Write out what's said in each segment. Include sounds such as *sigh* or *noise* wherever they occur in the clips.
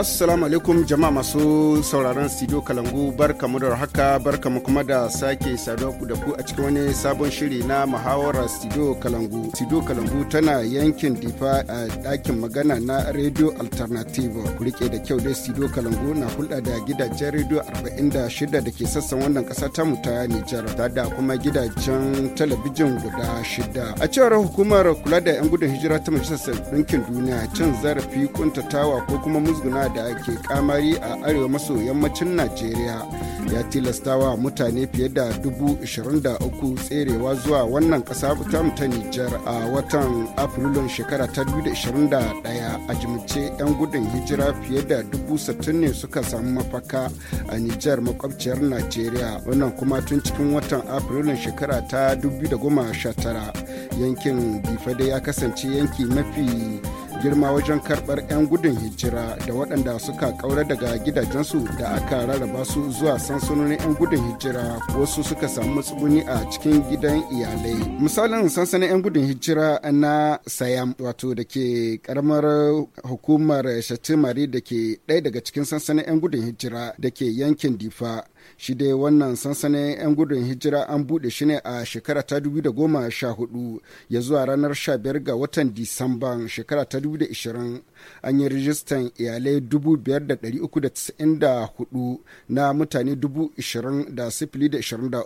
Assalamu alaikum jama'a masu sauraron studio Kalangu barka mu da haka barka mu kuma da sake saduwa da ku a cikin wani sabon shiri na muhawarar studio Kalangu. Studio Kalangu tana yankin Difa a ɗakin magana na Radio Alternative. Ku rike da kyau dai studio Kalangu na hulɗa da gidajen radio 46 da ke sassan wannan ƙasa ta mu ta Nijar da kuma gidajen talabijin guda shida. A cewar hukumar kula da 'yan gudun hijira ta Majalisar Ɗinkin Duniya cin zarafi kuntatawa ko kuma musguna da ke kamari a arewa maso yammacin najeriya ya tilastawa mutane fiye da dubu tserewa zuwa wannan kasa ta nijar a watan afrilun shekara ta 2021 a jimce 'yan gudun hijira fiye da dubu 60 ne suka samu mafaka a nijar makwabciyar najeriya wannan kuma tun cikin watan afrilun shekara ta 2019 yankin bifade ya kasance yanki mafi girma wajen karɓar 'yan gudun hijira da waɗanda suka ƙaura daga gidajensu da aka rarraba su zuwa sansanonin 'yan gudun hijira wasu suka samu matsuguni a cikin gidan iyalai misalin sansanin 'yan gudun hijira na sayam wato da ke karamar hukumar shatimari da ke ɗaya daga cikin sansanin 'yan gudun hijira da ke yankin difa shi dai wannan sansanin 'yan gudun hijira an buɗe shi ne a shekara ta 2014 ya zuwa ranar 15 ga watan disamban shekara ta 2020 an yi rijistan iyalai 5,394 na mutane 20,023 da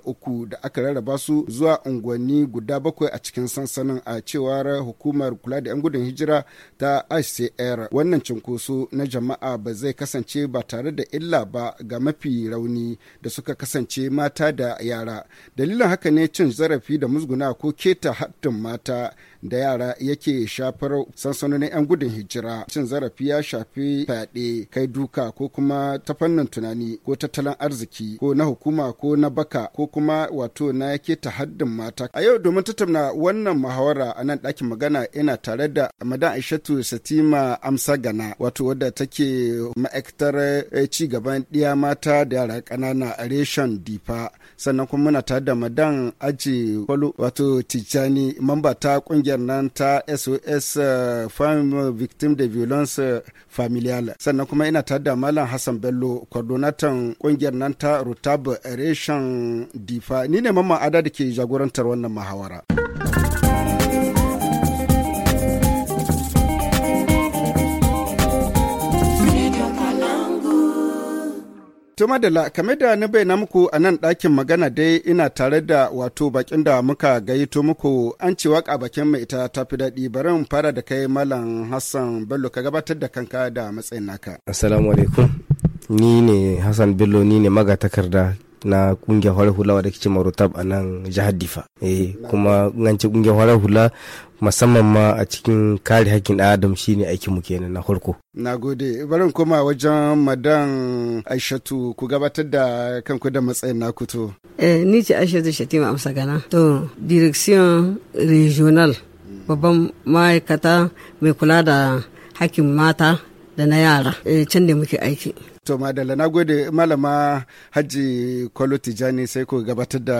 aka rarraba su zuwa unguwanni guda bakwai a cikin sansanin a cewar hukumar kula da 'yan gudun hijira ta ICR wannan cunkoso na jama'a ba zai kasance ba tare da illa ba ga mafi rauni da suka kasance mata da yara dalilin haka ne cin zarafi da musguna ko keta haddin mata da yara yake shafar sansanonin 'yan gudun hijira cin zarafi ya shafi fyaɗe kai duka ko kuma ta fannin tunani ko tattalin arziki ko na hukuma ko na baka ko kuma wato na yake ta haddin mata a yau domin tattauna wannan muhawara a nan ɗakin magana ina tare da madan aishatu satima amsa gana wato wadda take ma'aikatar eh, ci gaban ɗiya mata da yara ƙanana a reshen difa sannan kuma muna tare da madan aji kwalu wato tijjani mamba ta kungiyar nan ta sos eh, farm victim de violence eh, familial sannan kuma ina tare da malam hassan bello coordinator kungiyar nan ta rutab reshen difa ni ne mamman ada da ke jagorantar wannan muhawara. Tuma da kame da ni bayyana muku a nan ɗakin magana dai ina tare da wato bakin da muka gayyato muku an ce waka bakin mai ita ta fi daɗi bari in fara da kai Malam Hassan Bello ka gabatar da kanka da matsayin naka. Assalamu alaikum. Ni ne Hassan Bello ni ne magatakarda na kungiyar hula hula wadda kice marotab a nan jihar difa eh kuma an kungiyar hula hula musamman ma a cikin kare hakkin ɗan adam shine aikin mu kenan na farko na gode barin koma wajen madan aishatu ku gabatar da kanku da matsayin naku eh ni ce aishatu shatima amsa gana to direction regional babban ma'aikata mai kula da hakkin mata da na yara eh, can da muke aiki To madalla na gode malama Hajji Kwalo Tijani sai ku gabatar da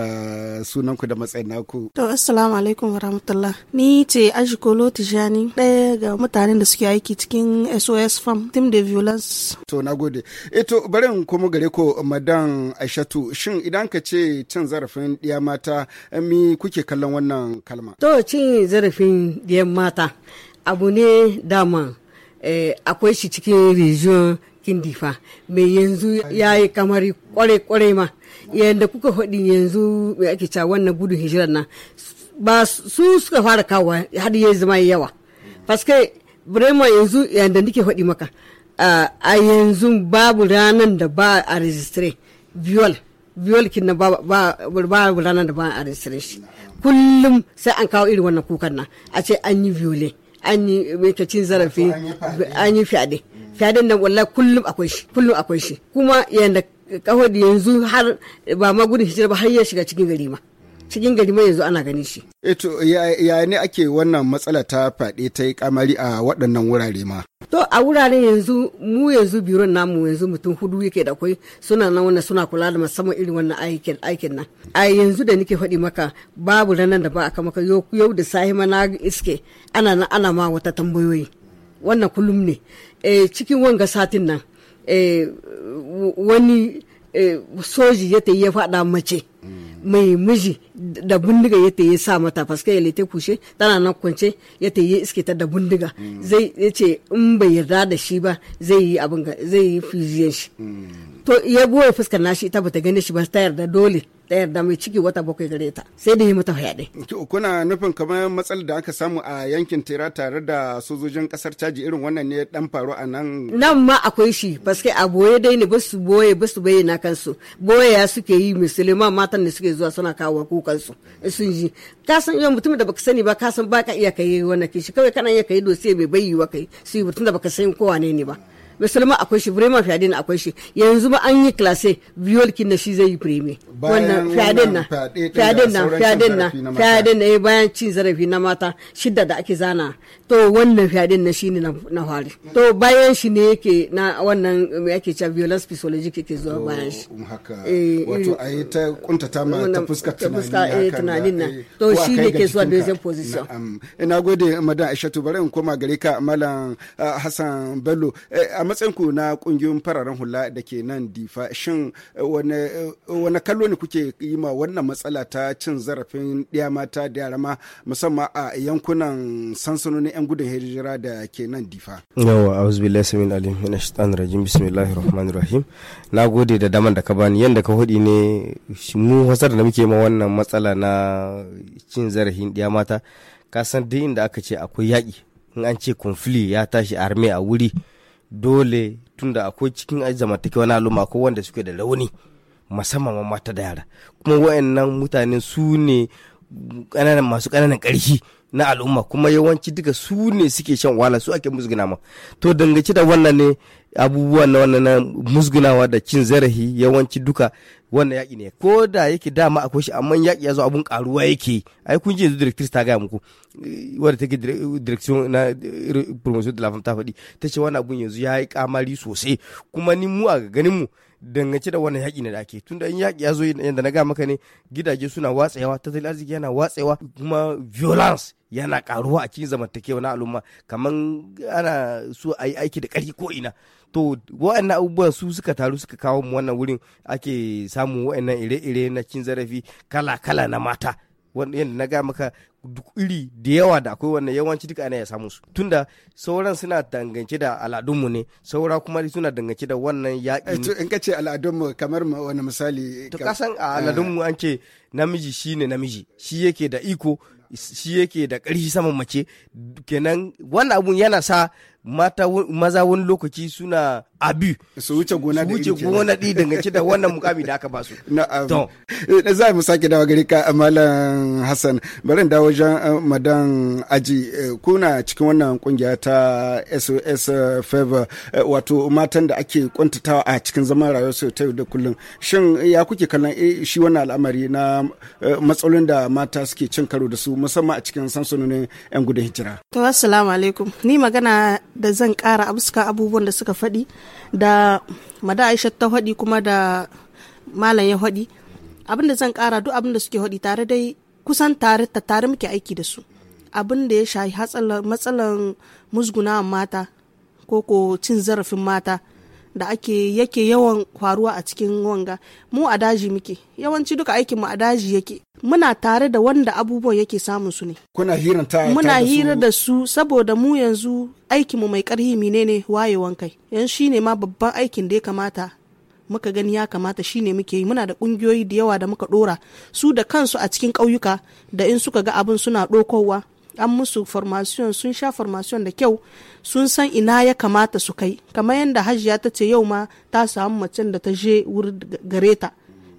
sunanku da matsayin naku. To assalamu alaikum wa rahmatullah. Ni ce Aji Kwalo Tijani ɗaya ga mutanen da suke aiki cikin SOS Farm Team de Violence. To na gode. E bari in kuma gare ko madan Aishatu shin idan ka ce cin zarafin ɗiya mata mi kuke kallon wannan kalma? To cin zarafin ɗiyan mata abu ne dama eh, akwai shi cikin region kin difa mai yanzu ya yi kamari kwarai-kwarai ma yadda kuka faɗi yanzu mai ake cewa wannan gudun hijirar nan ba su suka fara kawo har ya zama yawa paske birema yanzu yadda nike faɗi maka a yanzu babu ranar da ba a registry viol viol kin babu ranar da ba a registry shi kullum sai an kawo irin wannan kukan nan a ce an yi violin an yi mai cin zarafi an yi fyaɗe fiyadin nan wallahi kullum akwai shi kullum akwai shi kuma yanda kawai yanzu har ba ma gudun hijira ba har ya shiga cikin gari ma cikin gari ma yanzu ana ganin shi. Eto eh ya ne ake wannan matsala ta fyaɗe ta yi kamari a waɗannan wurare ma? To a wuraren yanzu mu yanzu biron namu yanzu mutum hudu yake da akwai suna nan wannan suna kula da musamman irin wannan aikin aikin nan. A yanzu da nake faɗi maka babu ranar da ba a maka yau da sahi ma na iske ana nan ana ma wata tambayoyi. Wannan kullum ne eh, cikin wanga satin nan eh, wani eh, soji ya ya faɗa mace mai miji da bindiga ya ya sa mata faske ya lete kushe tana nan kwance ya ya iske ta da bindiga mm. zai ya ce in bai yarda da shi ba zai yi abin zai yi fiziyan shi mm. to ya boye fuskar nashi ita bata gane shi ba ta yarda dole ta yarda mai ciki wata bakwai gare ta sai da ya mata fyaɗe. kuna nufin kamar matsalar da aka samu a yankin tera tare da sojojin kasar caji irin wannan ne dan faru a nan nan ma akwai shi paske a boye dai ne basu boye basu bayyana kansu boye ya suke yi musulman matan ne suke zuwa suna kawo su sun ji ka san yau mutumin da baka sani ba ka san baka iya kai wannan kishi kawai kana iya kai dosiye mai bayyuwa kai su yi mutum da baka san kowa ne ba. musulma akwai shi bremen fyaɗe akwai shi yanzu ma an yi klase kin na shi zai yi preme wannan fyaɗe na fyaɗe na fyaɗe na fyaɗe eh, na bayan cin zarafi na mata shidda da ake zana to wannan fyaɗe na shi ne na fari to bayan shi ne yake na wannan me ake cewa violence physiologic yake zuwa bayan shi um, eh, wato eh, a yi ta kuntata ma ta fuska tunanin na to shi ne ke zuwa deuxième position ina gode madan aishatu bari in koma gare ka malam ah, hassan bello matsayin ku na kungiyoyin fararen hula da ke nan difa shin eh, wani eh, kallo ne kuke yi ma wannan matsala ta cin zarafin ɗiya mata da yara ma musamman a yankunan sansanonin 'yan gudun hijira da ke nan difa. yawa wasu billahi samin alim shi tsanin rajin bismillahi rahman rahim na gode da daman da ka bani yadda ka hudi ne mu wasar da muke ma wannan matsala na cin zarafin ɗiya mata ka san duk inda aka ce akwai yaƙi in an ce konfli ya tashi arme a wuri dole tunda akwai cikin zamantakewa na al'umma ko wanda suke da rauni musamman mata da yara kuma wa'annan mutane su ne masu ƙananan ƙarfi na al'umma kuma yawanci duka su ne suke shan wahala su ake musguna ma to dangace da wannan ne abubuwan na wannan musgunawa da cin zarafi yawanci duka wannan yaƙi ne ko da yake dama akwai shi amma yaƙi ya zo abun karuwa yake ai kun ji yanzu directrice ta gaya muku wadda take direction na eh, promotion de la femme ta faɗi ta ce wannan abun yanzu ya yi kamari sosai kuma ni mu a ganin mu dangance da wannan yaƙi ne da ake tunda in yaƙi ya zo yadda na ga maka ne gidaje suna watsewa tattalin arziki yana watsewa kuma violence yana karuwa a cikin zamantakewa na al'umma kamar ana so a yi aiki da ƙarfi ko ina to waɗannan abubuwan su suka taru suka kawo mu wannan wurin ake samun wa'annan ire-ire na cin zarafi kala-kala na mata wanda na ga maka duk iri da yawa da akwai wannan yawanci duka ana ya samu su tunda sauran suna dangance da al'adunmu ne saura kuma suna dangance da wannan yaƙi eh, in ka ce al'adunmu kamar wani misali to kasan a al'adunmu an ce namiji shi ne namiji shi yake da iko shi yake da ƙarfi saman mace kenan wannan abun yana sa mata maza wani lokaci suna abi su wuce gona da wuce gona da dangance da wannan mukami da aka basu na'am eh, za mu sake dawo gari ka malam hassan bari in dawo wajen eh, madan aji eh, kuna cikin wannan kungiya ta SOS favor wato matan da ake kwantatawa a cikin zaman rayuwar su ta yau da kullum shin ya kuke kallon shi wannan al'amari na matsalolin da mata suke cin karo da su musamman a cikin sansanonin yan gudun hijira to assalamu alaikum ni magana da zan kara abuska abubuwan da suka faɗi da mada aisha ta haɗi kuma da malam ya haɗi abin da zan kara duk abin da suke haɗi tare dai kusan tare ta tare muke aiki da su abin da ya shayi matsalan musguna mata ko ko cin zarafin mata da ake yake yawan faruwa a cikin wanga mu a daji muke yawanci duka aikin mu a daji yake muna tare da wanda abubuwan yake samun su ne muna hira da su saboda mu yanzu aikin mu mai karhi menene wayewan kai yan shine ma babban aikin da ya kamata muka gani ya kamata shine muke yi muna da kungiyoyi da yawa da muka dora su da kansu a cikin ƙauyuka da in suka ga abin suna ɗokowa an musu formation sun sha formation da kyau sun san ina ya kamata su kai kamar yadda hajiya ta ce yau ma ta samu macen da ta je wuri gare ta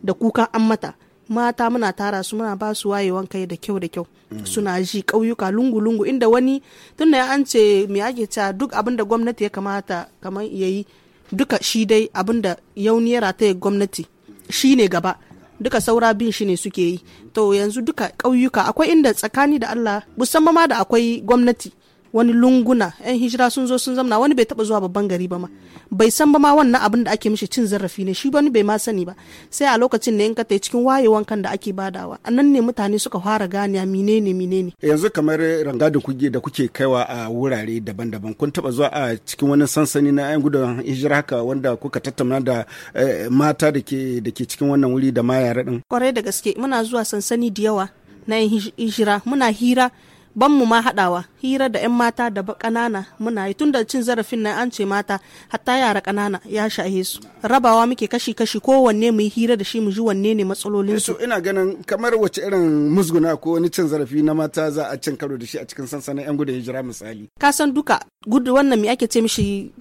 da kukan an mata mata muna tara su muna ba su wayewan kai da kyau da kyau mm. suna ji ƙauyuka lungu-lungu inda wani tun tunda an ce me ake cewa duk abin da gwamnati ya kamata kamar yayi duka shi dai abin da yauniyar ta gwamnati shine gaba duka saura bin shi ne suke yi to yanzu duka ƙauyuka akwai inda tsakani da allah musamman ma da akwai gwamnati wani lunguna yan hijira sun zo sun zamna wani bai taba zuwa babban gari ba ma bai san ba ma wannan abin da ake mishi cin zarafi ne shi wani bai ma sani ba sai a lokacin da in ka tai cikin wayewan kan da ake badawa a nan ne mutane suka fara gane menene menene yanzu kamar da kuge da kuke kaiwa a wurare daban-daban kun taba zuwa a cikin wani sansani na yan gudun hijira haka wanda kuka tattauna da eh, mata da ke da ke cikin wannan wuri da ma yara din kwarai da gaske muna zuwa sansani da yawa na yan hijira muna hira ban mu ma haɗawa hira da 'yan mata da ƙanana muna yi tun da cin zarafin nan an ce mata hatta yara ƙanana ya shahe su rabawa muke kashi kashi kowanne mu yi hira da shi mu ji wanne ne matsalolin su ina ganin kamar wace irin musguna ko wani cin zarafi na mata za a cin karo da shi a cikin sansanin 'yan gudun hijira misali ka san duka gudu wannan me ake ce mishi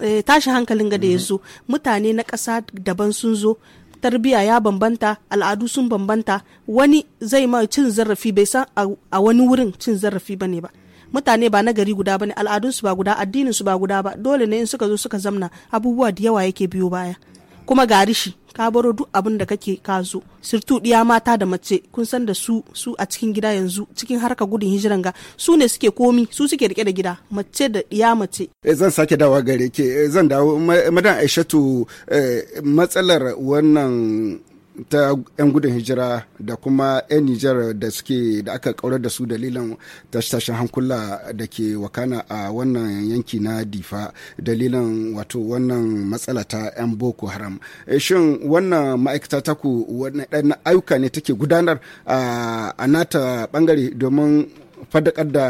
eh, tashi hankalin ga da mhm. ya zo mutane na ƙasa daban sun zo tarbiya ya bambanta al'adu sun bambanta wani zai ma cin zarafi bai san a wani wurin cin zarafi ba ne ba mutane ba na gari guda ba ne al'adunsu ba guda addininsu ba guda ba dole ne in suka zo suka zamna abubuwa da yawa yake biyo baya kuma gari shi ka baro duk abin da kake ka zo sirtu diya mata da mace kun san da su su a cikin gida yanzu cikin harka gudun hijiran ga su ne suke komi su suke rike da gida mace da diya mace eh, zan sake dawa gare ke eh, zan dawo madan aishatu eh, matsalar wannan ta 'yan gudun hijira da kuma 'yan Nijar da suke da aka kaurar da su dalilan tashin hankula da ke wakana a wannan yanki na difa dalilan wato wannan matsala ta 'yan boko haram eh, shin wannan ma'aikata ta ku wani ayyuka ne take gudanar a nata bangare domin fadakar da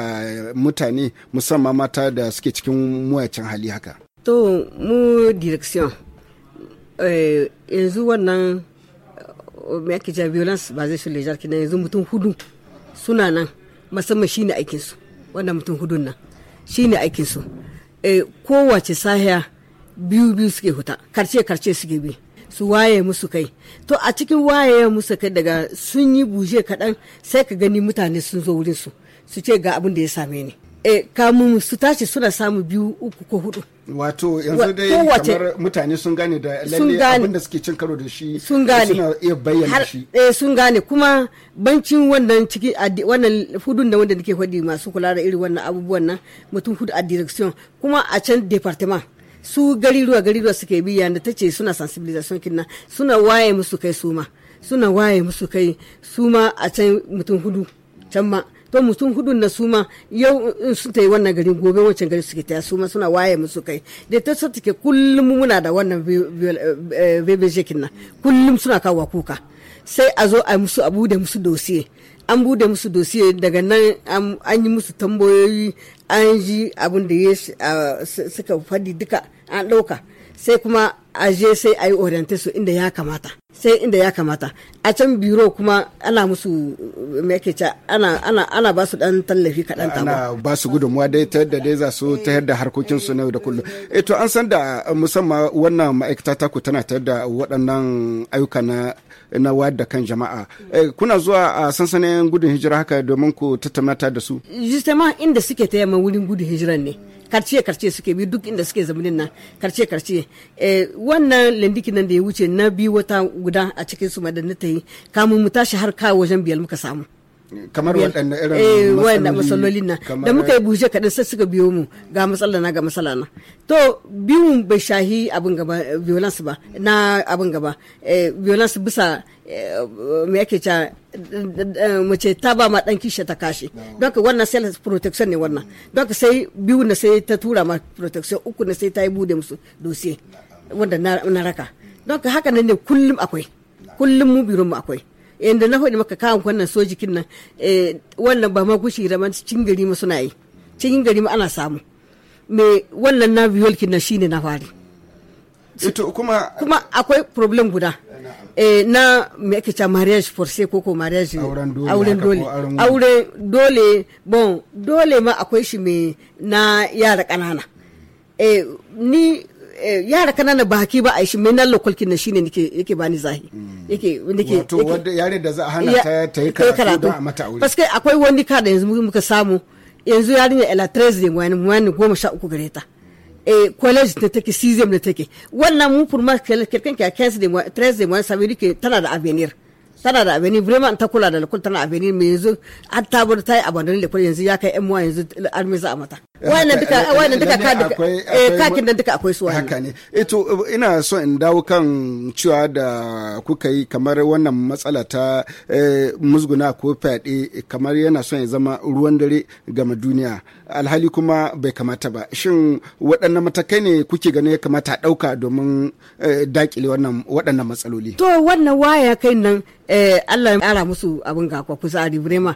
mutane musamman mata da suke cikin muwacin hali haka to mu direction eh, yanzu wannan me ake cewa violence ba zai shirya jarki na yanzu mutum hudu suna nan musamman shine aikin su wannan mutum hudun nan shine aikin su e, eh, kowace sahiya biyu biyu suke huta karce karce suke bi su waye musu kai to a cikin waye musu kai daga sun yi buje kaɗan sai ka gani mutane sun zo wurin su su ce ga abin da ya same ni Kamu eh, kamun su tashi suna samu biyu uku ko hudu wato yanzu dai kamar mutane sun gane da lalle abin da suke cin karo da shi sun gane suna iya bayyana shi eh sun gane kuma bancin wannan ciki wannan hudun da wanda nake hudi masu kula da irin wannan abubuwan nan mutum hudu a direction kuma a can department su gari ruwa gari ruwa suke bi ta tace suna sensibilisation kinna suna waye musu kai su ma suna waye musu kai su ma a can mutum hudu can ma to mutum hudu na suma yau in sun ta yi wannan garin gobe wancan gari suke taya suma suna waye musu kai da ta sa take kullum muna da wannan bbg eh, nan kullum suna kawo kuka sai a zo a musu abu da musu dosiye an bude musu dosiye daga nan an yi musu tambayoyi an ji abin da ya suka faɗi duka an ɗauka sai kuma a je sai a yi oriente su inda ya kamata sai inda ya kamata a can biro kuma ana musu meke ana ana ana ba su dan tallafi kaɗan ta ana ba su gudunmuwa dai ta yadda dai za su ta yadda harkokin su na yau da kullum eh to an san da eh, musamman wannan ma'aikata ta ku tana ta yadda waɗannan ayyuka na na wayar da kan jama'a eh, kuna zuwa a sansanin gudun hijira haka domin ku tattaunata da su justement inda suke ta yamma wurin gudun hijiran ne karciye karciye suke bi duk inda suke zamanin nan karciye karciye eh, wannan landiki nan da ya wuce na bi wata guda a cikin su madanna ta yi kamun mu tashi har ka wajen biyar muka samu kamar waɗanda irin eh, masalolin matsalolin nan da muka yi buje kaɗan sai suka biyo mu ga matsala na ga matsala na to biyun bai shahi abin gaba violence ba na abin gaba eh, violence bisa me yake mace ta ba ma dan kishi ta kashe don ka wannan self protection ne wannan don ka sai biyu na sai ta tura ma protection uku na sai ta yi bude musu dosiye wanda na raka don ka haka ne kullum akwai kullum mu biro mu akwai inda na faɗi maka kawo wannan sojikin nan eh, wannan ba ma gushi man cikin gari ma suna yi cikin gari ma ana samu me wannan na biyolkin nan shine na fari kuma akwai problem guda eh, na me ake cewa mariage forse ko ko mariage auren dole auren dole bon dole ma akwai shi me na yara kanana eh, ni eh, yara kanana baki ba a shi mai nan lokalkin nan shine nake yake bani zahi hmm. yake nake wato wanda yare da za a hana ta ta yi karatu a mata aure paske akwai wani kada yanzu muka samu yanzu yarinya ela 13 ne wani goma sha uku gare ta Eh, collège da take cesium da take wannan mu furma kirkin ki a 13 de mois ça veut dire que tana da avenir tana da avenir vraiment ta kula da lakul tana avenir mai yanzu an tabar ta yi abandonin lakul yanzu ya kai yan yanzu an za a mata Eh, eh, wannan duka kakin eh, nan duka akwai su haka ne eto ina so in dawo kan cewa da kuka yi kamar wannan matsala ta musguna ko fyaɗe kamar yana son ya zama ruwan dare game duniya alhali kuma bai kamata ba shin waɗannan matakai ne kuke gani ya kamata a ɗauka domin daƙile wannan waɗannan matsaloli to wannan waya kai nan Allah ya ƙara musu abin ga kwa kusa a Dibrema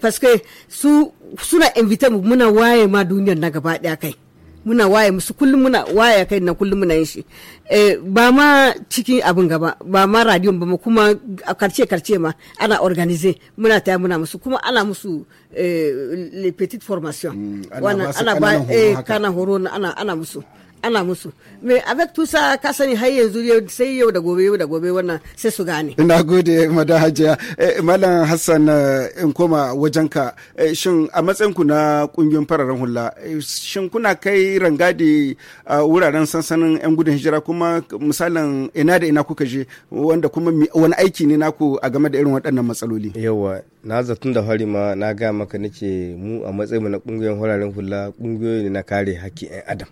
paske su suna invita muna waye ma duniya duniyar na gaba ɗaya kai muna waye musu kullum muna waye kai na kullum muna yin shi eh, ba ma cikin abin gaba ba ma radiyon ba kuma a karce karce ma ana organize muna ta muna musu kuma ana musu eh, le petit formation mm, ana ba kana horo eh, ana ana musu ana musu me avec tout ka sani har yanzu sai yau da gobe yau da gobe wannan sai su gane ina gode madan hajiya eh, malam hassan eh, in koma wajenka eh, shin a matsayin ku na kungiyoyin fararen hula shin kuna kai rangadi a wuraren sansanin yan gudun hijira kuma misalin ina da ina kuka je wanda kuma wani aiki ne naku a game da irin waɗannan matsaloli yawa na zaton da fari ma na ga maka nake mu a matsayin mu na kungiyoyin fararen hula kungiyoyi ne na kare haƙƙin 'yan adam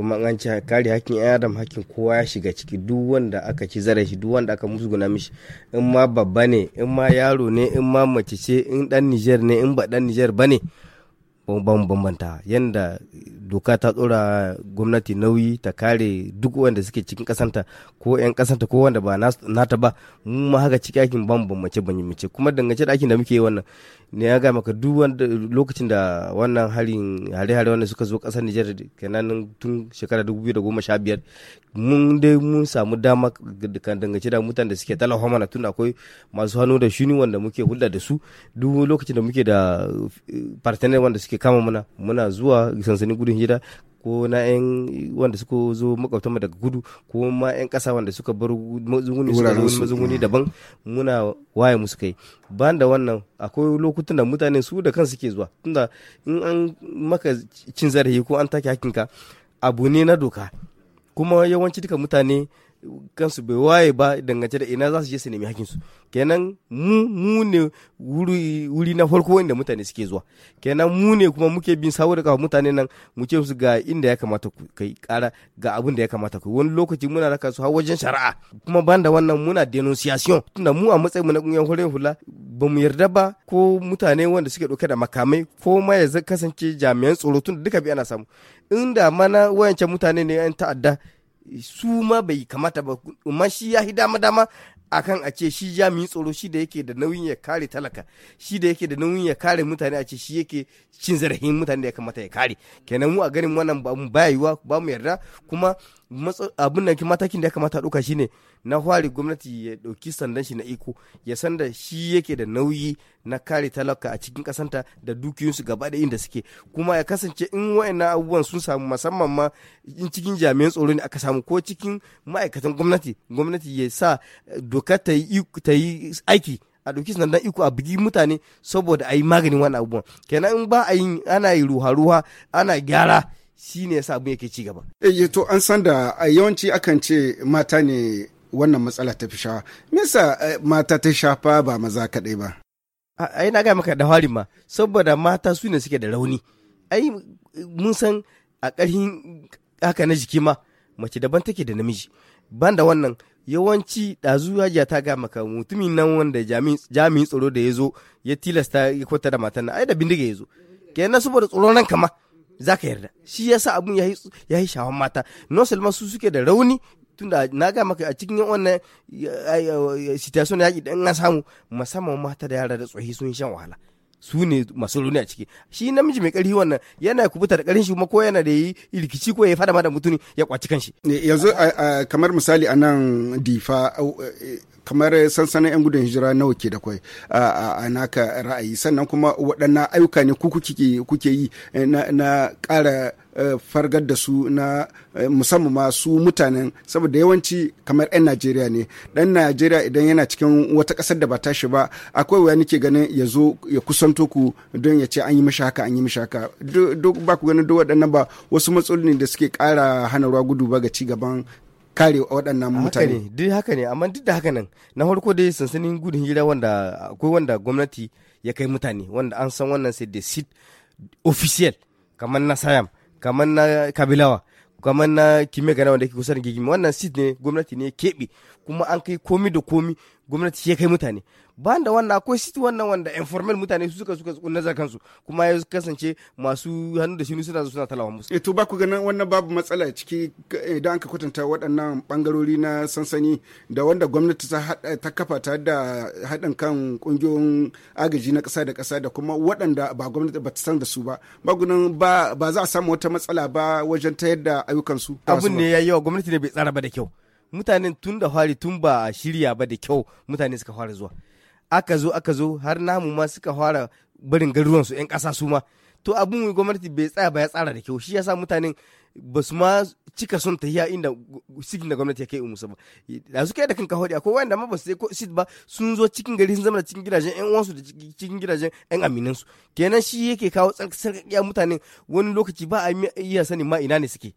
kuma an ci kare hakkin yan adam hakkin kowa ya shiga ciki duk wanda aka ci shi duk wanda aka musguna mishi in ma babba ne in ma yaro ne in ma mace ce in dan Niger ne in ba dan Niger bane ban bambanta yanda doka ta tsora gwamnati nauyi ta kare duk wanda suke cikin kasanta ko 'yan kasanta ko wanda ba nata ba mu ma haka ciki aikin ban bambance mace kuma dangance da aikin da muke yi wannan ne ya ga maka duk wanda lokacin da wannan harin hare-hare wanda suka zo kasar Niger kenan tun shekara 2015 mun dai mun samu dama dangance da mutan da suke talaho mana tun akwai masu hannu da shuni wanda muke hulɗa da su duk lokacin da muke da eh, partner wanda suke kama muna muna zuwa sansanin gudun gida ko na 'yan wanda suka zo makwabtanmu daga gudu ko ma 'yan kasa wanda suka bar mazunguni mm. daban muna waye musu kai ban da wannan akwai lokutan da mutane su da kansu ke zuwa tunda in an maka cin zarafi ko an take hakinka abu ne na doka kuma yawanci duka mutane kansu bai waye ba dangance da ina za su je su nemi hakinsu kenan mu mu ne wuri, na farko inda mutane suke zuwa kenan mu ne kuma muke bin sawo da mutane nan mu ce su ga inda ya kamata ku kai kara ga abin da ya kamata ku wani lokaci muna raka su har wajen shari'a kuma ban da wannan muna denunciation tunda mu a matsayin mu na kungiyar hore hula ba mu yarda ba ko mutane wanda suke dauke da makamai ko ma ya kasance jami'an tsoro tun duka bi ana samu inda mana wayancan mutane ne yan ta'adda su ma bai kamata ba amma shi ya yi dama dama akan a ce shi jami'in tsoro shi da yake da nauyin ya kare talaka shi da yake da nauyin ya kare mutane a ce shi yake cin zarafin mutane da ya kamata ya kare kenan mu a ganin wannan ba mu bayuwa ba mu yarda kuma abin da matakin da ya kamata ɗauka shine na hwari gwamnati ya ɗauki sandan shi na iko ya san da shi yake da nauyi na kare talaka a cikin kasanta da dukiyoyinsu gaba da inda suke kuma ya kasance in wa'annan abubuwan sun samu musamman ma in cikin jami'an tsaro ne aka samu ko cikin ma'aikatan gwamnati gwamnati ya sa eh, doka ta yi aiki a ɗauki sandan iko a bugi mutane saboda a yi maganin wani abubuwan kenan in ba a yi ana yi ruha-ruha ana gyara shi ne yasa yake ci gaba. Eh, eh to an san da eh, yawanci akan ce mata ne wannan matsala ta fi shawa. Me eh, mata ta shafa ba maza kaɗai ba? a na ga maka da hari ma saboda mata su ne suke da rauni. Ai mun san a ƙarfin haka na jiki ma mace daban take da namiji. Ban da wannan yawanci ɗazu ya ta ga maka mutumin nan wanda jami'in tsaro da ya zo ya tilasta ya kwata da matan ai da bindiga ya zo. Kenan saboda tsoron nan kama. za ka yarda shi yasa abun ya yi shawan mata non seulement su suke da rauni tunda na ga maka a cikin wannan situation na yaƙi na samu musamman mata da yara da tsohi sun shan wahala su ne masu rauni a ciki shi namiji mai ƙarfi wannan yana kubuta da ƙarin shi kuma ko yana da yi rikici ko ya fada ma da mutuni ya kwaci kanshi eh, yanzu kamar misali a nan difa eh, kamar sansanin 'yan gudun hijira nawa ke da kwai a naka ra'ayi sannan kuma waɗannan ayyuka ne kuke yi eh, na ƙara eh, fargar da su na eh, musamman ma su mutanen saboda yawanci kamar 'yan najeriya ne ɗan najeriya idan yana cikin wata ƙasar da ba ta shi ba akwai wuya nake ganin ya zo ya kusanto ku don ya ce an yi mishi haka an yi mishi haka duk ba ku ganin duk waɗannan ba wasu matsaloli da suke ƙara hana ruwa gudu ba ga ci gaban kare waɗannan mutane duk haka ne amma duk da haka nan na farko dai sansanin gudun hira wanda akwai wanda gwamnati ya kai mutane wanda an san wannan sai da sit official kamar na sayam kamar na kabilawa kamar na kime gana wanda ke kusa da gigimi wannan sit ne gwamnati ne keɓe kuma an kai komi da komi gwamnati ya kai mutane ban da wannan akwai shi wannan wanda informal mutane su suka suka nazar kansu kuma ya kasance masu hannu da shinu suna suna talawa musu. Eh, to ba ku ganin wannan babu matsala ciki eh, idan ka kwatanta waɗannan bangarori na sansani da wanda gwamnati ta kafa ta da haɗin kan ƙungiyoyin agaji na ƙasa da ƙasa da kuma waɗanda ba gwamnati ba ta san da su ba magunan ba za a samu wata matsala ba wajen ta yadda su. abun ne ya yi wa gwamnati ne bai tsara ba da kyau mutanen tun da fari tun ba shirya ba da kyau mutane suka fara zuwa. aka zo aka zo har namu ma suka fara barin garuruwansu 'yan kasa su ma to abin gwamnati bai tsaya ba ya tsara da kyau shi yasa mutanen ba su ma cika son tahiya inda sigin da gwamnati ya kai musu ba da su kai da kanka hodi akwai wanda ma ba su ko sit ba sun zo cikin gari sun zama cikin gidajen yan uwansu da cikin gidajen yan aminan su kenan shi yake kawo sarkakiya mutanen wani lokaci ba a iya sani ma ina ne suke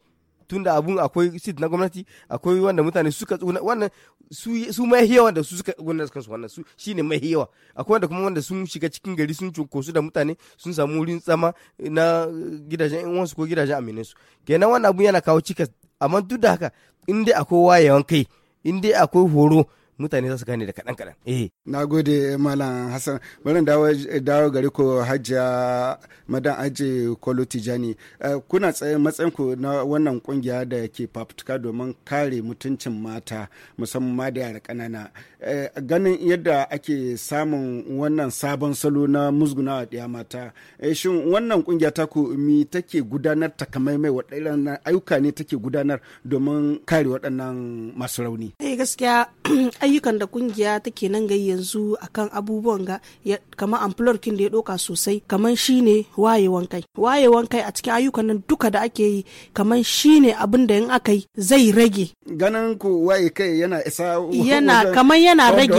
tunda abun akwai seat na gwamnati akwai wanda mutane suka tsuna wannan su su mai hiyawa da su suka gwamnati kansu wannan su shine mai hiyawa akwai wanda kuma wanda sun shiga cikin gari sun su da mutane sun samu wurin tsama na gidajen in wasu ko gidajen aminin su kenan wannan abun yana kawo cikas amma duk da haka in dai akwai wayewan kai in dai akwai horo mutane za su gane da kaɗan kaɗan. Eh. Na gode Malam Hassan. Bari dawo dawo gari ko Hajiya Madan Aje Kolo Tijani. Eh, kuna tsaye matsayin ku na wannan kungiya da ke fafutuka domin kare mutuncin mata musamman ma da yara ƙanana. Eh, ganin yadda ake samun wannan sabon salo na musgunawa ɗaya mata. Eh, shin wannan kungiya ta ku mi take gudanar takamaimai waɗannan ayyuka ne take gudanar domin kare waɗannan masu rauni? Eh gaskiya *clears throat* ayyukan da kungiya take nan gai yanzu akan abubuwan ga kamar amplor kin da ya doka sosai kamar shine wayewan kai wayewan kai a cikin ayyukan nan duka da ake yi kamar shine abin da in aka zai rage ganin ku waye kai yana isa yana kamar yana rage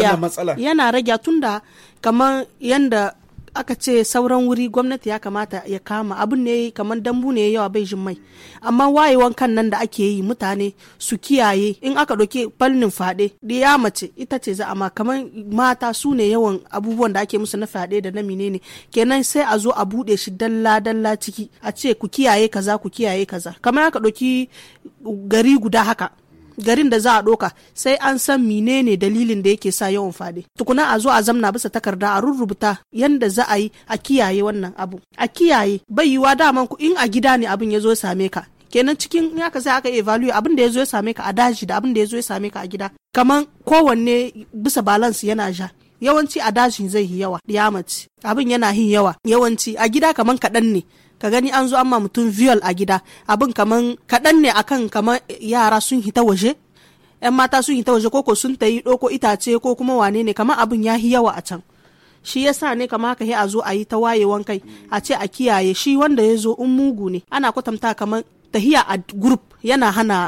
yana rage tunda kamar yanda aka ce sauran wuri gwamnati ya kamata ya kama abin ne kamar dambu ne yawa bai jin mai amma wayewan kan nan da ake yi mutane su kiyaye in aka ɗauki fannin fyaɗe ya mace ita ce za amma kamar mata su ne yawan abubuwan da ake musu na fade da na menene kenan sai a zo a buɗe shi dalla dalla ciki a ce ku kiyaye kaza ku kiyaye kaza kamar aka ɗauki gari guda haka garin da za a ɗoka sai an san menene dalilin da yake sa yawan fade tukuna a zo a zamna bisa takarda a rurrubuta yanda za a yi a kiyaye wannan abu a kiyaye bai yiwa daman ku in a gida ne abin ya zo same ka kenan cikin ya ka sai aka evaluate abin da ya zo ya same ka a daji da abin da ya zo same ka a gida kaman kowanne bisa balance yana ja yawanci a daji zai yi yawa ya abin yana yin yawa yawanci a gida kaman kaɗan ne ka gani an zo an ma mutum viol a gida abin kaman kaɗan ne akan kaman yara sun hita waje yan mata sun hita waje koko sun ta yi ɗoko itace ko kuma wane ne kaman abin ya yi yawa a can shi yasa ne kama haka a zo a yi ta wayewan kai a ce a kiyaye shi wanda ya zo in mugu ne ana kwatanta kaman tahiya a group yana hana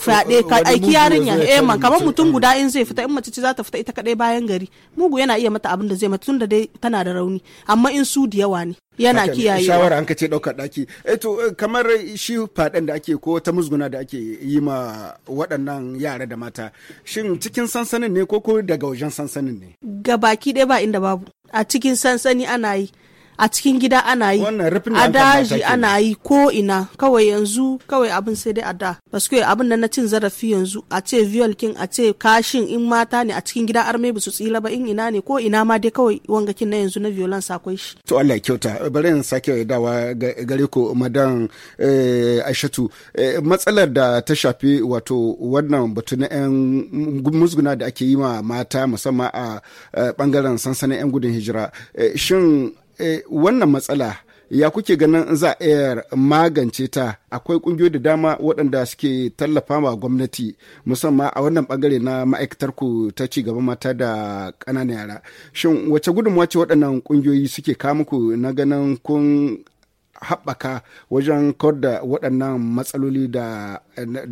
fyaɗe ka aiki yarinya eh man kamar mutum guda in zai fita in mace ce za ta fita ita kadai bayan gari mugu yana iya mata abin da zai mata tunda dai tana da rauni amma in su da yawa ne yana kiyaye shawara an kace daukar daki eh to eh, kamar shi fadan da ake ko ta musguna da ake yi ma waɗannan yara da mata shin cikin sansanin ne ko ko daga wajen sansanin ne ga baki ɗaya ba inda babu a cikin sansani ana yi a cikin gida ana yi a daji ana yi ko ina kawai yanzu kawai abin sai dai a da basu abin da na cin zarafi yanzu a ce viol a ce kashin in mata ne a cikin gida arme ba su ba in ina ne ko ina ma dai kawai wangakin na yanzu na violan akwai shi to Allah ya kyauta bari in sake dawa gare ku madan eh, Aishatu eh, matsalar da ta shafi wato wannan batu na yan musguna da ake yi ma mata musamman a eh, bangaren sansanin yan gudun hijira shin Eh, wannan matsala ya kuke ganin za a magance ta akwai kungiyoyi da dama waɗanda suke tallafa ma gwamnati musamman a wannan bangare na ma'aikatar ku ta ci gaba mata da ƙananan yara shin wace gudunmawa ce waɗannan kungiyoyi suke kawo muku na ganin kun haɓaka wajen kawar da waɗannan matsaloli da,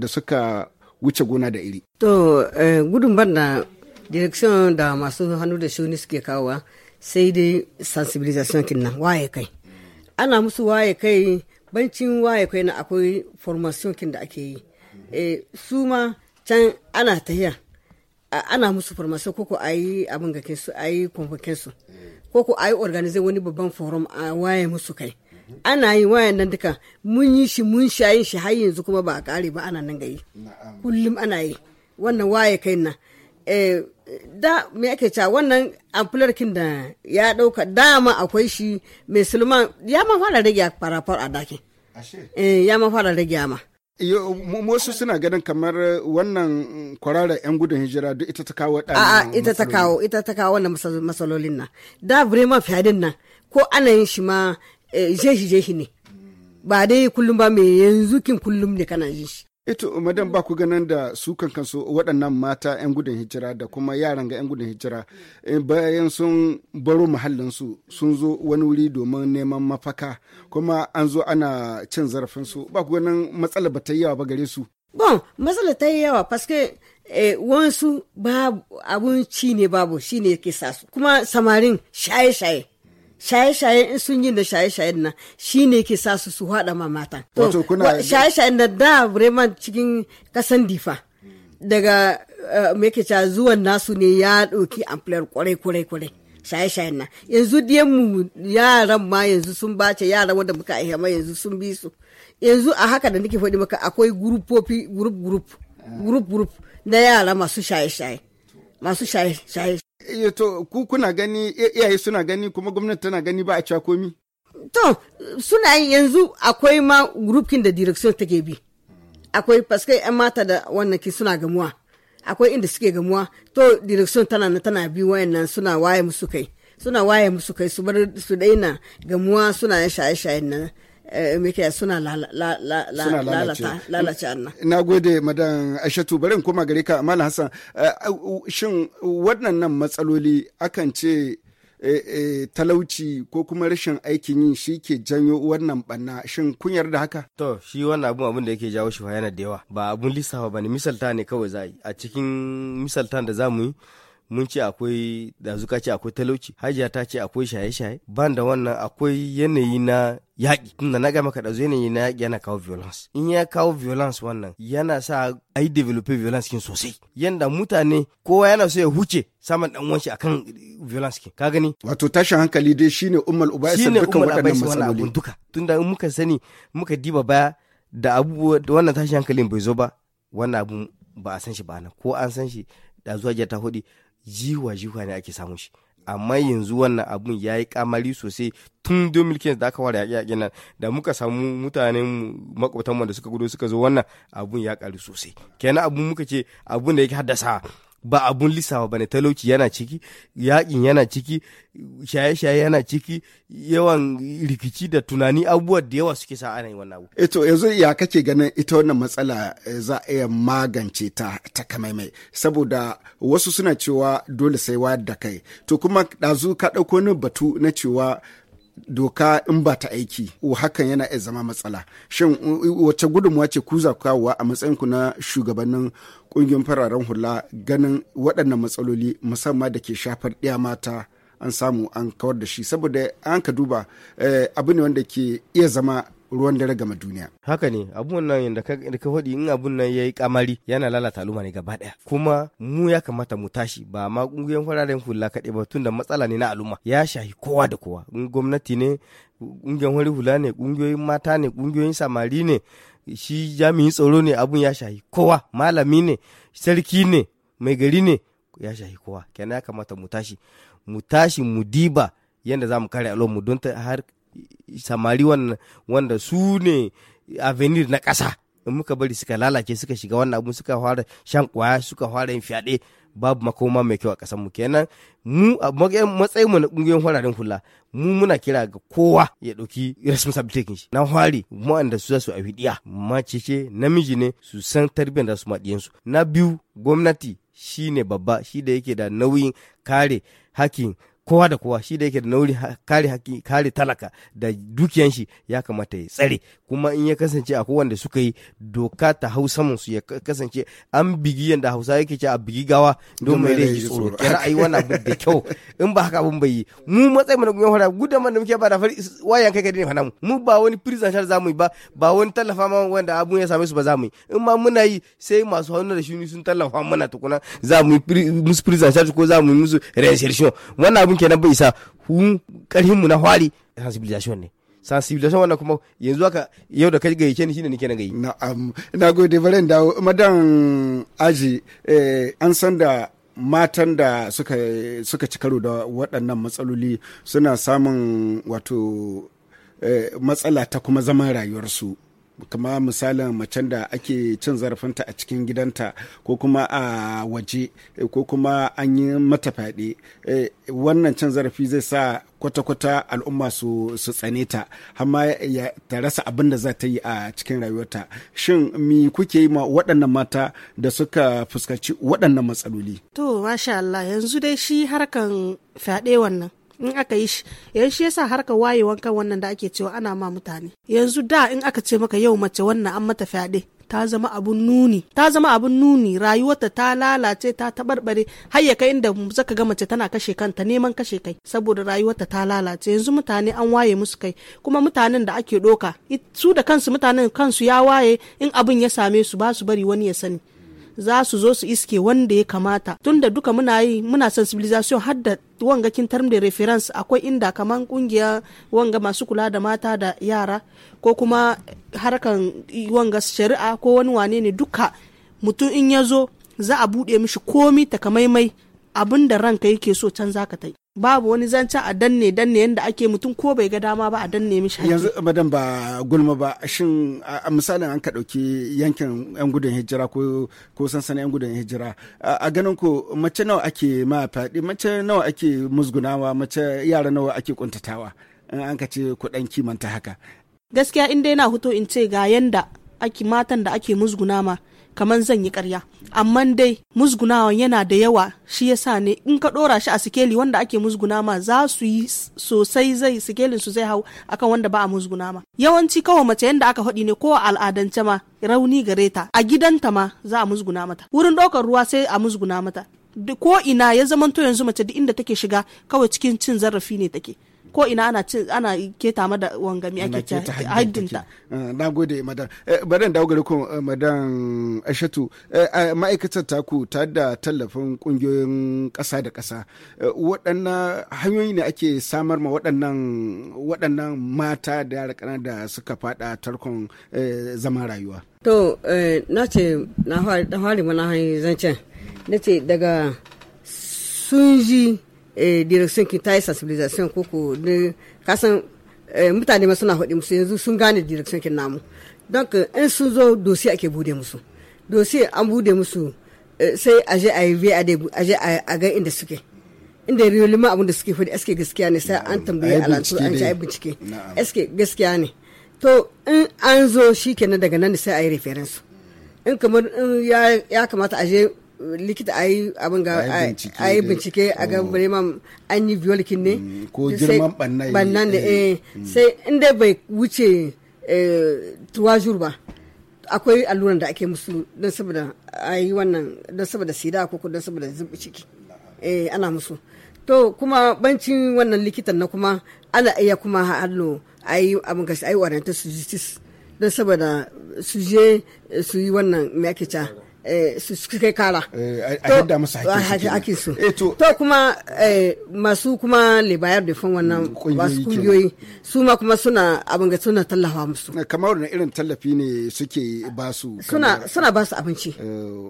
suka wuce gona da iri to eh, gudun da direction da masu hannu da shuni suke kawowa sai dai sensibilisation kin nan waye kai ana musu waye kai bancin waye kai na akwai formation kin da ake yi e, su ma can ana tahiya ana musu formation koko a yi abin ga su a yi convocation su koko a yi organize wani babban forum a waye musu kai ana yi wayan nan duka mun yi shi mun sha yin shi har yanzu kuma ba a kare ba ana nan gayi kullum ana yi wannan waye kai na eh, da me ake cewa wannan amfularkin da ya dauka dama akwai shi mai sulman ya ma fara rage farafar a dakin eh, ya ma fara rage ma wasu suna ganin kamar wannan kwarara 'yan gudun hijira duk ita ta kawo ɗan a ita ta kawo ita ta kawo wannan masalolin nan da bremen fiyadin nan ko ana yin shi ma eh, jeshi jeshi ne ba dai kullum ba mai yanzu kin kullum ne kana jin shi Ito madan ba ku ganin da su kansu waɗannan mata 'yan gudun hijira da kuma yaran ga 'yan gudun hijira eh, bayan sun baro muhallinsu sun zo wani wuri domin neman mafaka kuma an zo ana cin zarafinsu ba ku ganin matsala ba ta yi yawa ba gare su. Bon, matsala ta yi yawa paske eh, wansu babu abinci ne babu shine ke sa su kuma samarin shaye-shaye. shaye-shaye in sun yi da shaye-shayen nan shi ne ke sa su su haɗa ma matan. Wato kuna shaye-shayen da da cikin kasan difa daga eh, meke cewa zuwan nasu ne ya ɗauki amfiyar kwarai-kwarai-kwarai. shaye-shayen nan yanzu mu yaran ma yanzu sun bace yaran wanda muka a ma yanzu sun bi su yanzu a haka da nake faɗi maka akwai gurupofi gurup gurup gurup gurup na yara masu shaye-shaye masu shaye-shaye Eh, to ku kuna gani eh, iyaye suna gani kuma gwamnati tana gani ba a cewa komi to suna yanzu akwai ma grupkin da direction take bi akwai paske yan mata da wannan ki suna gamuwa akwai inda suke gamuwa to direction tana na tana bi wayannan suna waye musu kai suna waye musu kai su bar su daina gamuwa suna shaye-shayen nan Eh, muke suna lalace Na gode madan Aishatu barin koma gare ka Malam Hassan eh, shin waɗannan matsaloli akan ce eh, talauci ko kuma rashin aikin yi shi ke janyo wannan banna shin kun yarda haka? To shi wannan abun abun da yake jawo shi yana da yawa ba abun lissafa ba ne misalta ne kawai za a cikin misaltan da za mu yi mun ce akwai da zuka ce akwai talauci hajiya ta ce akwai shaye-shaye ban da wannan akwai yanayi na yaƙi tunda na ga maka da yanayi na yaƙi yana kawo violence in ya kawo violence wannan yana sa a yi develop violence kin sosai yanda mutane kowa yana so ya huce saman dan wanshi akan violence kin ka gani wato tashin hankali dai shine ummul ubai shine ummal ubai wannan duka tunda in muka sani muka diba baya da abubuwa wannan tashin hankalin bai zo ba wannan abu ba a san shi ba nan ko an san shi da zuwa ta hudu jiwa jiwa ne ake samun shi amma yanzu wannan abun ya yi kamari sosai tun 2015 da aka ware yaƙe-yaƙe nan da muka samu mutanen makwabtanmu da suka gudu suka zo wannan abun ya ƙaru sosai kenan abun muka ce abun da yake haddasa ba abun ba ne talauci yana ciki yakin yana ciki shaye-shaye yana ciki yawan rikici da tunani abubuwa da yawa suke sa ana yi wannan abu. Eto eh yanzu ya kake ganin ita wannan matsala eh, za a iya magance ta ta kamaimai saboda wasu suna cewa dole sai wayar da kai to kuma ɗazu ka ɗauko ni batu na cewa doka in ba ta aiki hakan yana iya zama matsala shin eh, wacce gudunmuwa ce ku za a matsayinku na shugabannin ƙungiyar fararen hula ganin waɗannan matsaloli musamman da ke shafar ɗiya mata an samu an kawar da shi saboda an ka duba eh, abu ne wanda ke iya zama ruwan dare game duniya. Haka ne abun nan yadda ka faɗi in abun nan ya yi kamari yana lalata al'umma ne gaba ɗaya. Kuma mu ya kamata mu tashi ba ma ƙungiyoyin fararen hula kaɗai ba tun da matsala ne na aluma. ya shahi kowa da kowa. Gwamnati ne ƙungiyoyin hula ne ƙungiyoyin mata ne ƙungiyoyin samari ne shi jami'in tsoro ne abun ya shahi kowa malami ne sarki ne mai gari ne ya shahi kowa kenan ya kamata mu tashi mu tashi mu diba yadda za mu kare mu don ta har samari wanda su ne avenir na ƙasa in muka bari suka lalace suka shiga wannan abun suka fara shan kwaya suka fara yin fyaɗe babu makoma mai kyau a ƙasar mu kenan mu a matsayin mu na ƙungiyoyin fararen hula mu muna kira ga kowa ya ɗauki responsibility shi na hwari wanda su za su a fidiya mace namiji ne su san tarbiyyar da su maɗiyan su na biyu gwamnati shine babba shi da yake da nauyin kare hakin kowa da kowa shi da yake da nauri kare haƙi kare talaka da dukiyan shi ya kamata ya tsare kuma in ya kasance a kowanne suka yi doka ta hausa mun su ya kasance an bigi yanda hausa yake ce a bigi gawa don mai rai tsoro ki ra'ayi wannan abu da kyau in ba haka abun bai yi mu matsayin mana na gumin fara gudan da muke ba da fari wayan kai ka dai fana mu mu ba wani prison shar zamu yi ba ba wani tallafa ma wanda abun ya same su ba zamu yi in ma muna yi sai masu hannu da shuni sun tallafa mana tukuna zamu yi musu prison shar ko zamu yi musu reinsertion wannan abun kenan bai isa hun karhinmu na hwari sensibilization ne sensibilization wannan kuma yanzu haka yau da kai yake ni shine nake na gayi na'am ina gode bare da madan aji eh, an san da matan da suka suka ci karo da waɗannan matsaloli suna samun wato eh, matsala ta kuma zaman rayuwarsu kama misalin macen da ake cin zarafinta a cikin gidanta ko kuma a waje eh, ko kuma an yi mata fyaɗe eh, wannan cin zarafi zai sa kwata-kwata al'umma su tsane ta amma ya ta rasa abin da za ta yi a cikin rayuwarta shin mi kuke yi ma waɗannan mata da suka fuskaci waɗannan matsaloli to masha Allah yanzu dai shi harkan fyaɗe wannan in aka yi shi yan shi yasa harka wayewan kan wannan da ake cewa ana ma mutane yanzu da in aka ce maka yau mace wannan an mata fyaɗe ta zama abun nuni ta zama abun nuni rayuwarta ta lalace ta taɓarɓare har ya kai inda zaka ga mace tana kashe kanta neman kashe kai saboda rayuwarta ta lalace yanzu mutane an waye musu kai kuma mutanen da ake doka su da kansu mutanen kansu ya waye in abun ya same su ba su bari wani ya sani za su zo su iske wanda ya kamata tunda duka muna yi muna sensibilisation har da wanga kin term da reference akwai inda kaman kungiya wanga masu kula da mata da yara ko kuma harkan wanga shari'a ko wani wane ne duka mutum in ya zo za a buɗe mishi komi takamaimai abin da ranka yake so can za ka tai babu wani zancen a danne danne yadda ake mutum ko bai ga dama ba a danne mishi haƙƙi yanzu madan ba gulma ba shin a misalin an ka dauki yankin yan gudun hijira ko ko sansanin yan gudun hijira a ganin ku mace nawa ake ma fadi mace nawa ake musgunawa mace yara nawa ake kuntatawa an ka ce ku dan kimanta haka gaskiya in dai na huto in ce ga yanda ake matan da ake musguna kamar zan yi karya amma dai musgunawan yana da yawa shi yasa ne in ka ɗora shi a sikeli wanda ake musguna ma za su yi sosai zai sikelin su zai hau akan wanda ba a musguna ma yawanci kawai mace yanda aka faɗi ne ko al'adance ma rauni gare ta a gidanta ma za a musguna mata wurin ɗaukar ruwa sai a musguna mata ko ina ya zamanto yanzu mace duk inda take shiga kawai cikin cin zarafi ne take ko ina ana ce ana keta mada wangami ake ta haddinta ah, na gode madan eh, barin dawo gare ku eh, madan aishatu eh, ma'aikatar taku ta da tallafin kungiyoyin ƙasa da ƙasa waɗannan hanyoyi ne ake samar ma waɗannan waɗannan mata da yara ƙana da suka faɗa tarkon zaman rayuwa to na ce na fari mana hanyar zancen na ce daga sun ji Eh, direction ki ta yi sensibilisation ko ko kasan eh, mutane ma suna hudu musu yanzu sun gane direction kin namu donc eh, in sun zo dossier ake bude musu dossier an bude musu sai a je a yi vad a je a ga inda suke inda riyolima abin abinda suke fadi eske gaskiya ne sai an tambaye alatu an ji bincike eske gaskiya ne to in an zo shi kenan daga nan sai a yi referensu in kamar ya kamata a je likita a yi abin ga a yi bincike a ga oh. bremen an yi violikin ne mm, ko girman bannan da eh, eh. Mm. sai inda bai wuce eh, tuwajur ba akwai alluran da ake musu don saboda a yi wannan don saboda sida ko don saboda zubi ciki eh ana musu to kuma bancin wannan likitan na kuma ana iya kuma hallo a yi abin ga a yi warrantar su don saboda su je su yi wannan mai ake ca Eh, suke kara. Eh, a yadda musu haƙƙi su. Eh, to kuma masu kuma libayar da fan wannan wasu kungiyoyi su ma kuma suna abin ga suna tallafa musu. Kamar wani irin tallafi ne suke ba su. Suna suna ba su abinci.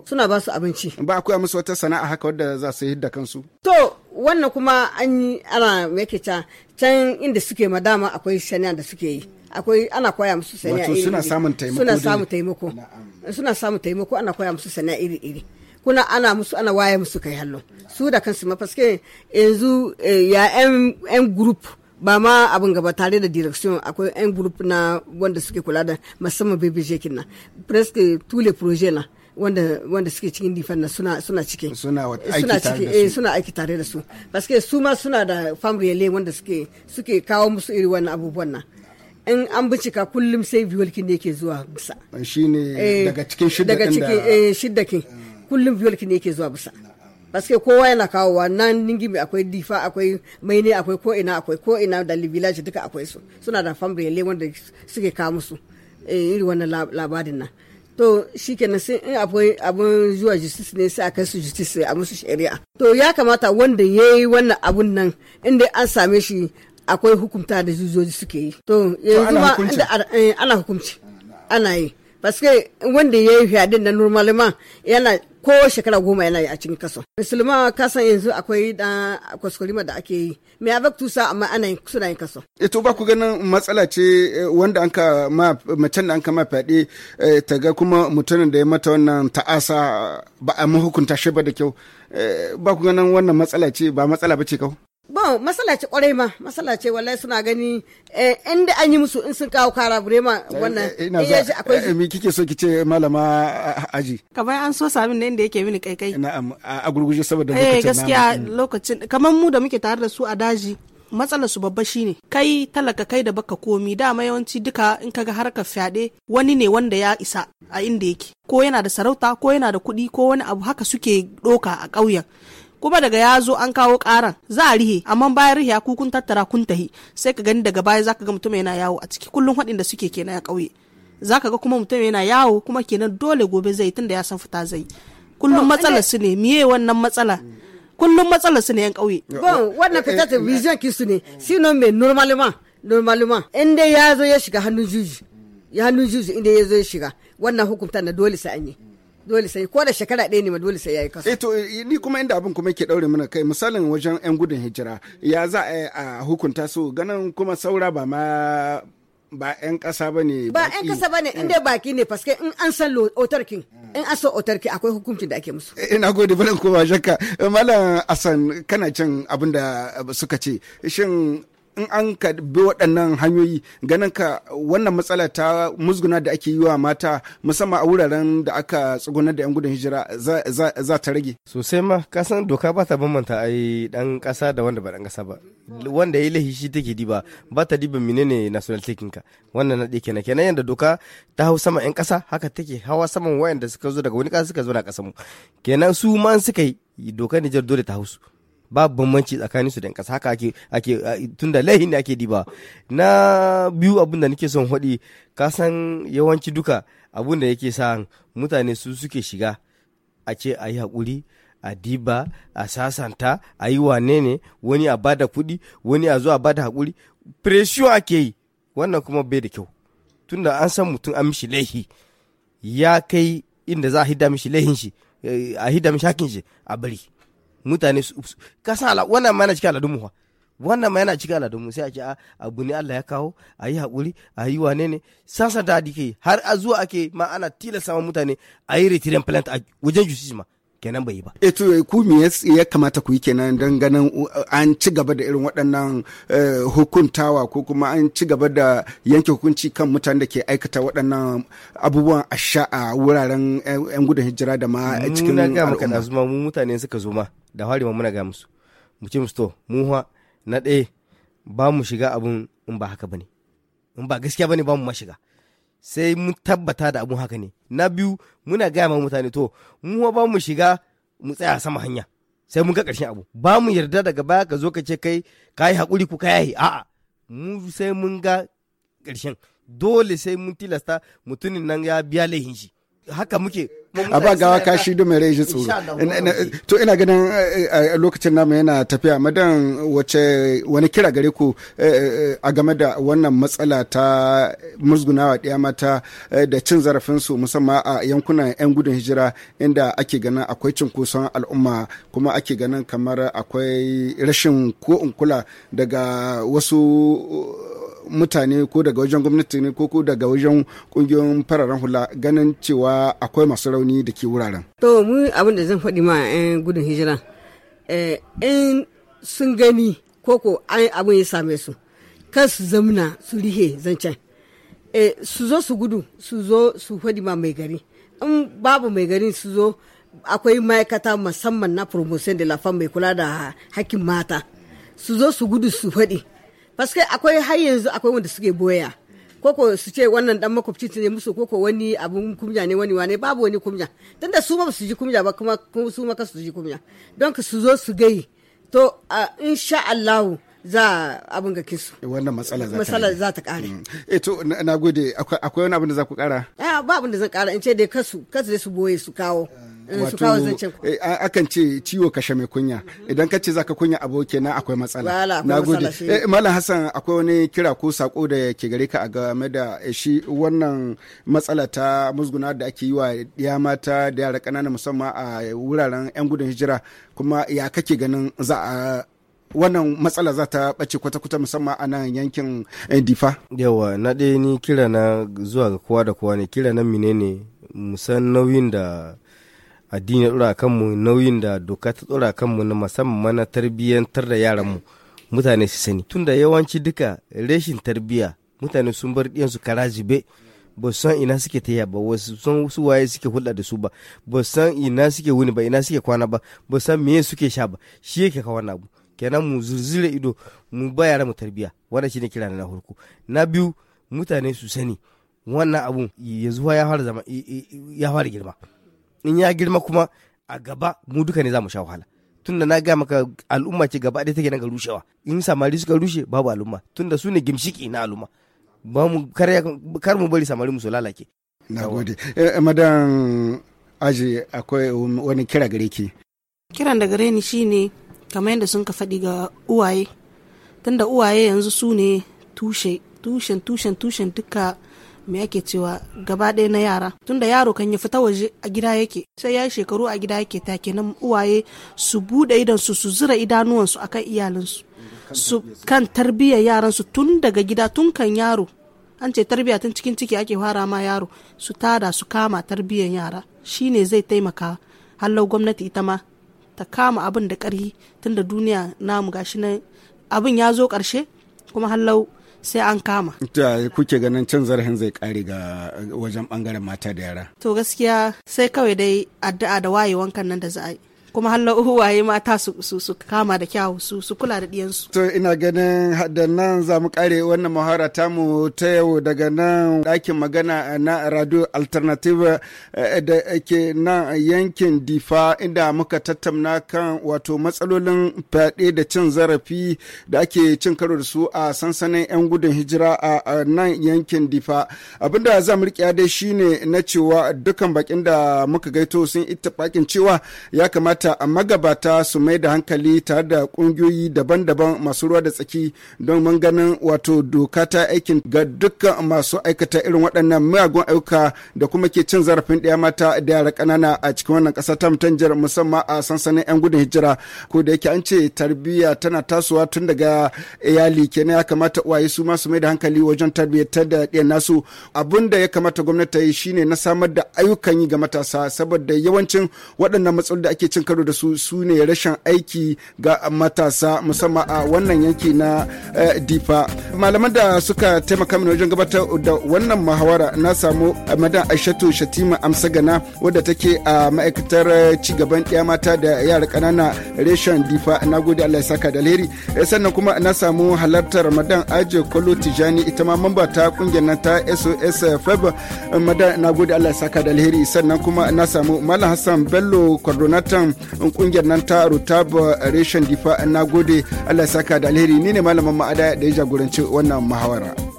Suna ba su abinci. Ba akwai musu wata sana'a haka wadda za su yi da kansu. To wannan kuma an yi ana yake can can inda suke madama akwai saniya da suke yi akwai ana koya musu saniya iri suna samun taimako suna samun taimako suna samun taimako ana koya musu saniya iri iri kuna ana musu ana waye musu kai hallo su da kansu mafaske yanzu eh, ya yan group ba ma abin gaba tare da direction akwai yan group na wanda suke kula da musamman bbj kinna presque tous les projets na wanda wanda suke cikin difan nan suna suna cikin suna aiki tare da eh, su eh suna aiki tare da su paske su ma suna da farm relay wanda suke suke kawo musu iri wannan abubuwan nan in an bincika kullum sai biyolkin ne ke zuwa bisa shine eh, daga cikin shidda daga cikin eh shidda ke kullum biyolkin ne ke zuwa bisa paske kowa yana kawowa nan ningimi akwai difa akwai maine akwai ko ina akwai ko ina da village duka akwai su suna da farm relay wanda suke kawo musu eh, iri wannan labarin nan to shi kenan sai in akwai abin zuwa justice ne sai a kai su justice a musu shari'a to ya kamata wanda ya yi wannan abun nan inda an same shi akwai hukunta da zuzoji suke yi to yanzu ma eh, ana hukunci ana yi paske wanda ya yi fiyadin da normalement yana ko shekara goma yana yi a cikin kaso musulma kasan yanzu akwai da kwaskwarima da ake yi mai abak tusa amma ana yin suna yin kaso e, to ba ku ganin matsala ce e, wanda an ka ma macen da an ka ma fyaɗe e, ta ga kuma mutumin da ya mata wannan ta'asa ba a mahukunta shi ba da kyau ba ku ganin wannan matsala ce ba matsala ba ce kawai. Bon, matsala ce kwarai ma, matsala ce wallahi suna gani eh, inda an yi musu in sun kawo kara bure ma eh, wannan. Eh, ina za, akwai me kike so kice malama aji? Kamar an so sami ne inda yake mini kaikai. Na'am, a gurguje saboda lokacin. Eh gaskiya mm. lokacin kamar mu da muke tare da su a daji matsalar su babba shine kai talaka kai da baka komi dama yawanci duka in kaga harka fyaɗe wani ne wanda ya isa a inda yake ko yana da sarauta ko yana da kuɗi ko wani abu haka suke ɗoka a ƙauyen kuma daga ya zo an kawo karan za a rihe amma bayan rihe ya kun tattara kun tahi sai ka gani daga baya zaka ga mutum yana yawo a ciki kullum haɗin da suke kenan ya ƙauye zaka ga kuma mutum yana yawo kuma kenan dole gobe zai tunda ya san fita zai kullum matsalar su ne miye wannan matsala kullum matsalar su ne yan ƙauye bon wannan fita ta vision ki su ne sino mai normalement normalement in dai ya zo ya shiga hannun juji ya hannun juju inda ya zo ya shiga wannan hukumta na dole sai an yi dole sai ko da shekara ɗaya ne ma dole sai yayi kaso. Eh, to ni kuma inda abin kuma yake daure mana kai misalin wajen yan gudun hijira ya za a hukunta su ganin kuma saura ba ma ba 'yan kasa ba ne ba 'yan kasa ba ne inda baki ne paske in an san otarki in an san otarki akwai hukuncin da ake musu eh, ina gode bala kuma shakka eh, malam asan kana cin abin da suka ce shin in an ka bi waɗannan hanyoyi ganin ka wannan matsala ta musguna da ake yi wa mata musamman a wuraren da aka tsugunar da 'yan gudun hijira za ta rage. Sosai ma kasan doka ba ta bambanta a yi ɗan ƙasa da wanda ba ɗan ƙasa ba. Wanda ya yi shi take diba ba ta diba menene national taking ka wannan na ɗaya kenan kenan yadda doka ta hau sama 'yan ƙasa haka take hawa saman wayan da suka zo daga wani ƙasa suka zo na ƙasa mu kenan su ma suka yi doka Nijar dole ta hausu. babu bambanci tsakanin su da ƙasa haka ake ake tun da laihin ake diba na biyu abin da nake son haɗi ka san yawanci duka abin da yake sa mutane su suke shiga a ce a yi hakuri a diba a sasanta a yi wane ne wani a bada kuɗi wani a zo a bada hakuri pressure ake yi wannan kuma bai da kyau tunda an san mutum an mishi laihi ya kai inda za a hida mishi laihin shi eh, a hida mishi hakin shi a bari mutane su ka san ala wannan ma yana cikin al'adun mu wannan ma yana cikin al'adun mu sai a ce a ah, abu ne Allah ya kawo a yi haƙuri a yi wane ne sansa da dike har a zuwa ake ma ana tilasta mutane a yi retiren plant a wajen justice ma kenan bai yi ba. E to eh, ku me ya kamata ku yi kenan don ganin uh, an ci gaba da irin waɗannan eh, hukuntawa ko kuma an ci gaba da yanke hukunci kan mutanen da ke aikata waɗannan abubuwan asha a wuraren 'yan gudun hijira da ma cikin al'umma. Muna mu mutane suka zo ma da hari ma muna ga musu. Mu ce musu mu mu na ɗaya ba mu shiga abun in ba haka bane. In ba gaskiya bane ba mu ma shiga. sai mun tabbata da abun haka ne na biyu muna gaya ma mutane to mu ba mu shiga mu tsaya sama hanya sai mun ga ƙarshen abu ba mu yarda daga baya ka zo ka ce kai ka yi haƙuri ko ka yi a'a mu sai mun ga ƙarshen dole sai mun tilasta mutumin nan ya biya laifin shi haka muke a ba gawa ka shi mai rai ji tsoro to ina ganin eh, eh, eh, lokacin namu yana tafiya madan wace wani kira gare ku a game da wannan matsala ta musgunawa ɗaya mata da cin zarafinsu musamman a yankunan 'yan gudun hijira inda ake ganin akwai cinkoson al'umma kuma ake ganin kamar akwai rashin ko in kula daga wasu mutane ko daga wajen gwamnati ne ko ko daga wajen kungiyoyin fararen hula ganin cewa akwai masu rauni da ke wuraren to mu abin da zan faɗi ma yan eh, gudun hijira eh, in sun gani ko ko abin ya same su kar su zamna su rihe zancen eh, su zo su gudu su zo su faɗi ma mai gari in babu mai gari su zo akwai ma'aikata musamman na promotion de la femme mai kula da hakkin mata su zo su gudu su faɗi paske akwai har yanzu akwai wanda suke boya koko su ce wannan dan makwabci ne musu koko wani abun kumya ne wani wane babu wani kumya tunda su ma su ji kumya ba kuma su ma su ji kumya don su zo su gai to insha Allah za abin ga kisu eh, wannan matsala za ta kare mm. eh to na gode akwai wani abun da za ku kara eh, ba abin da zan kara in ce dai kasu kasu dai su boye su kawo Eh, wato eh, akan ce ciwo kashe mai kunya mhm. idan ka ce zaka kunya abu kenan akwai matsala na gode eh, malam hassan akwai wani kira ko sako da ke gare ka a game da shi wannan matsala ta musguna da ake yi wa ya mata da yara ƙanana musamman a wuraren yan gudun hijira kuma ya kake ganin za a wannan matsala za ta ɓace kwata-kwata musamman a nan yankin difa yawa na ɗaya ni kira na zuwa ga kowa da kowa ne kira na mine ne musan nauyin da addini ya dora kanmu nauyin da doka ta dora kanmu na musamman na tarbiyyantar da yaranmu mutane su sani tunda yawanci duka reshin tarbiya mutane sun bar ɗiyansu kara zube ba san ina suke taya ba wasu san su waye suke hulɗa da su ba ba san ina suke wuni ba ina suke kwana ba ba san meye suke sha ba shi yake ka wannan abu kenan mu zurzure ido mu ba yara mu tarbiya wannan shine kira na farko na biyu mutane su sani wannan abun yanzu ya fara zama ya fara girma in ya girma kuma a gaba mu duka ne za mu sha wahala tunda na gaya maka al'umma ce gaba ɗaya take nan ga rushewa in samari suka rushe babu al'umma tunda su ne gimshiki na al'umma ba mu kar mu bari samari mu su lalace na gode eh, eh, madan aji akwai wani kira gare ki kiran da gare ni shine kamar yadda sun ka faɗi ga uwaye tunda uwaye yanzu su ne tushe tushen tushen tushen duka me ake cewa gaba ɗaya na yara tunda yaro kan ya fita waje a gida yake sai ya yi shekaru a gida yake take nan uwaye su buɗe idansu su zura idanuwansu akan iyalinsu su kan tarbiyyar yaransu tun daga gida tun kan yaro an ce tarbiyya tun cikin ciki ake fara ma yaro su tada su kama tarbiyyar yara shine zai taimaka hallau gwamnati ita ma ta kama abin da ƙarhi tunda duniya namu gashi nan abin ya zo ƙarshe kuma hallau sai an kama. Da kuke ganin cin zarafin zai kare ga wajen bangaren mata da yara. To gaskiya sai kawai dai addu'a da wayewan kan nan da za a yi. kuma hallo uwaye mata su su kama da kyawu su su kula da diyansu to ina ganin haddan nan za mu kare wannan muhara mu ta yau daga nan ɗakin magana na radio alternative eh, da ke nan yankin difa inda muka tattauna kan wato matsalolin fyaɗe da cin zarafi da ake cin karo da su a sansanin 'yan gudun hijira a nan yankin difa abinda za mu riƙe dai shine na cewa dukkan bakin da muka gaito sun ittifaƙin cewa ya kamata kamata magabata su mai da hankali tare da kungiyoyi daban-daban masu ruwa da tsaki don ganin wato doka ta aikin ga dukkan masu aikata irin waɗannan miyagun ayyuka da kuma ke cin zarafin ɗaya mata da yara ƙanana a cikin wannan ƙasa ta mutanjar musamman a sansanin 'yan gudun hijira ko da yake an ce tarbiyya tana tasowa tun daga iyali kenan ya kamata uwaye su ma su mai da hankali wajen tarbiyyar da ɗiyan nasu abun da ya kamata gwamnati ta yi shine na samar da ayyukan yi ga matasa saboda yawancin waɗannan matsalolin da ake cin karo da su su ne rashin aiki ga matasa musamman a wannan yanki na eh, difa malaman da suka taimaka mini wajen gabatar da wannan muhawara na samu madan aishatu shatima amsagana wadda take a ma'aikatar eh, cigaban ɗaya mata da yara ƙanana reshen difa na gode allah ya saka da alheri eh, sannan kuma na samu halartar madan aje kwallo tijani ita ma mamba ta kungiyar nan ta sos feb madan na gode allah ya saka da alheri sannan kuma na samu malam hassan bello coordinator kungiyar nan ta rutab reshen difa na gode allah saka da alheri ni ne malamin ma'ada da ya jagoranci wannan muhawara.